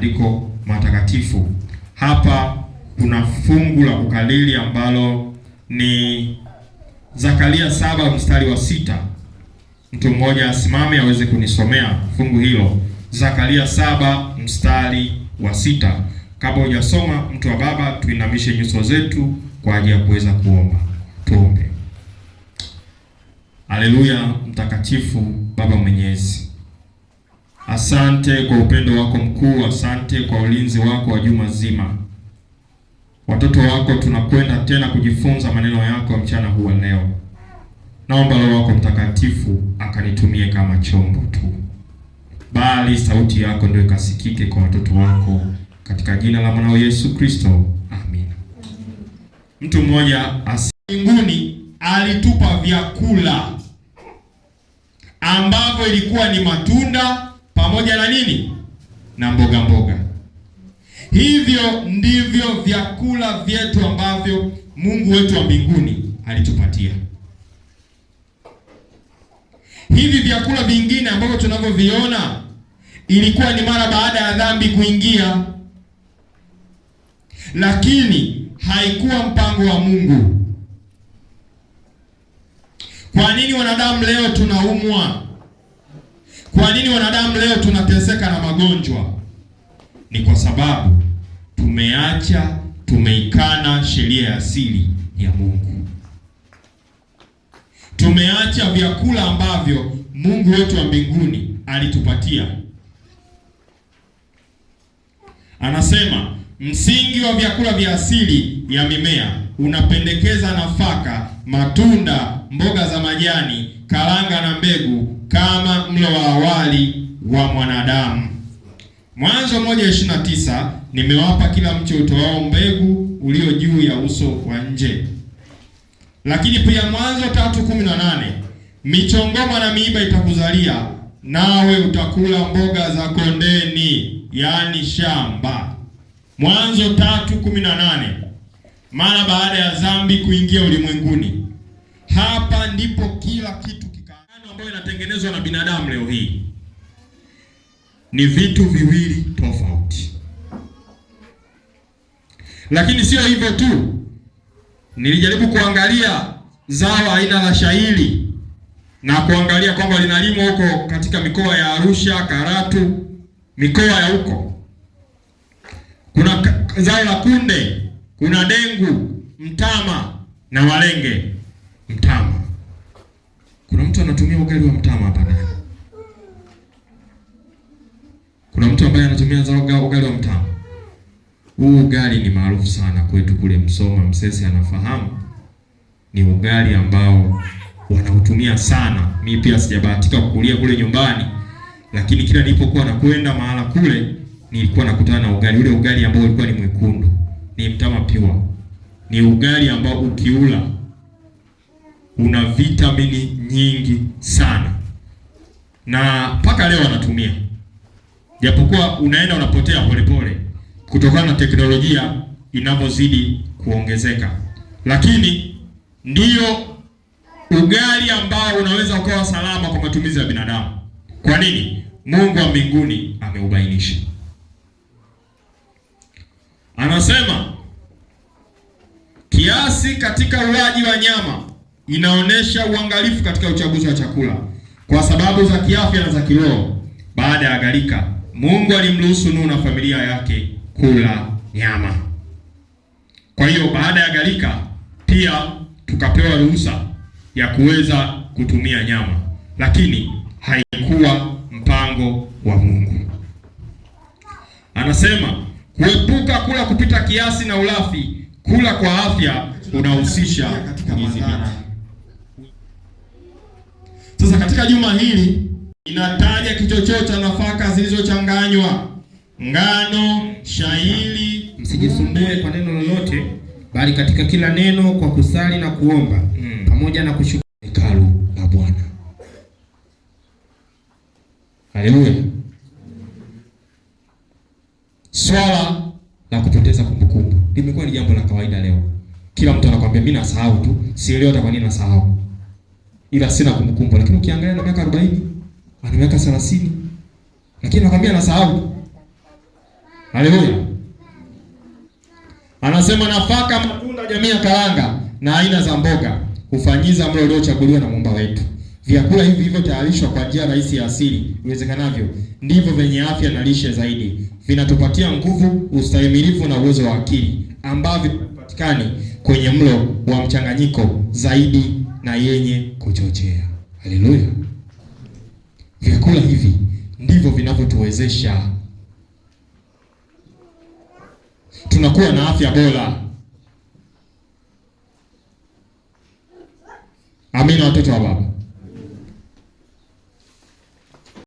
maandiko matakatifu. Hapa kuna fungu la kukalili ambalo ni Zakaria saba mstari wa sita. Mtu mmoja asimame aweze kunisomea fungu hilo, Zakaria saba mstari wa sita. Kabla hujasoma, mtu wa Baba, tuinamishe nyuso zetu kwa ajili ya kuweza kuomba. Tuombe. Haleluya, mtakatifu Baba Mwenyezi Asante kwa upendo wako mkuu, asante kwa ulinzi wako wa juma zima. Watoto wako tunakwenda tena kujifunza maneno yako mchana huu wa leo. Naomba Roho wako Mtakatifu akanitumie kama chombo tu, bali sauti yako ndio ikasikike kwa watoto wako, katika jina la mwanao Yesu Kristo, amina. Mtu mmoja mbinguni alitupa vyakula ambavyo ilikuwa ni matunda pamoja na nini na mboga mboga. Hivyo ndivyo vyakula vyetu ambavyo Mungu wetu wa mbinguni alitupatia. Hivi vyakula vingine ambavyo tunavyoviona ilikuwa ni mara baada ya dhambi kuingia, lakini haikuwa mpango wa Mungu. Kwa nini wanadamu leo tunaumwa? Kwa nini wanadamu leo tunateseka na magonjwa? Ni kwa sababu tumeacha, tumeikana sheria ya asili ya Mungu. Tumeacha vyakula ambavyo Mungu wetu wa mbinguni alitupatia. Anasema msingi wa vyakula vya asili ya mimea unapendekeza nafaka, matunda, mboga za majani karanga na mbegu kama mlo wa awali wa mwanadamu. Mwanzo moja ishirini na tisa nimewapa kila mche utoao mbegu ulio juu ya uso wa nje. Lakini pia Mwanzo tatu kumi na nane michongoma na miiba itakuzalia nawe utakula mboga za kondeni, yaani shamba. Mwanzo tatu kumi na nane Mara baada ya dhambi kuingia ulimwenguni, hapa ndipo kila kitu ambayo inatengenezwa na binadamu leo hii ni vitu viwili tofauti. Lakini sio hivyo tu, nilijaribu kuangalia zao aina la shayiri na kuangalia kwamba linalimwa huko katika mikoa ya Arusha, Karatu, mikoa ya huko. Kuna zao la kunde, kuna dengu, mtama na walenge mtama mtu anatumia ugali wa mtama hapa ndani. Kuna mtu ambaye anatumia zao ugali wa mtama. Huu ugali ni maarufu sana kwetu kule Msoma, Msesi anafahamu. Ni ugali ambao wanautumia sana. Mimi pia sijabahatika kukulia kule nyumbani, lakini kila nilipokuwa nakwenda mahala kule nilikuwa nakutana na ugali ule, ugali ambao ulikuwa ni mwekundu, ni mtama pia, ni ugali ambao ukiula una vitamini nyingi sana, na mpaka leo anatumia, japokuwa unaenda unapotea polepole kutokana na teknolojia inavyozidi kuongezeka, lakini ndiyo ugali ambao unaweza ukawa salama kwa matumizi ya binadamu. Kwa nini? Mungu wa mbinguni ameubainisha, anasema kiasi katika ulaji wa nyama inaonyesha uangalifu katika uchaguzi wa chakula kwa sababu za kiafya na za kiroho. Baada ya gharika, Mungu alimruhusu Nuhu na familia yake kula nyama. Kwa hiyo baada ya gharika pia tukapewa ruhusa ya kuweza kutumia nyama, lakini haikuwa mpango wa Mungu. Anasema kuepuka kula kupita kiasi na ulafi. Kula kwa afya unahusisha kujidhibiti. Sasa katika juma hili inataja kichocheo cha nafaka zilizochanganywa: ngano, shayiri. Msijisumbue kwa neno lolote, bali katika kila neno kwa kusali na kuomba mm, pamoja na kushukuru hekalu la Bwana. Haleluya! Swala la kupoteza kumbukumbu limekuwa ni jambo la kawaida leo. Kila mtu anakuambia mimi nasahau tu, sielewi hata kwa nini nasahau ila sina kumkumbuka. Lakini ukiangalia na miaka 40, ana miaka 30. Lakini nakwambia anasahau. Haleluya. Anasema nafaka, matunda, jamii ya karanga na aina za mboga hufanyiza mlo uliochaguliwa na Muumba wetu. Vyakula hivi vilivyotayarishwa kwa njia rahisi ya asili iwezekanavyo ndivyo vyenye afya na lishe zaidi, vinatupatia nguvu, ustahimilivu na uwezo wa akili ambavyo hupatikani kwenye mlo wa mchanganyiko zaidi na yenye kuchochea. Haleluya! Vyakula hivi ndivyo vinavyotuwezesha tunakuwa na afya bora. Amina, watoto wa Baba.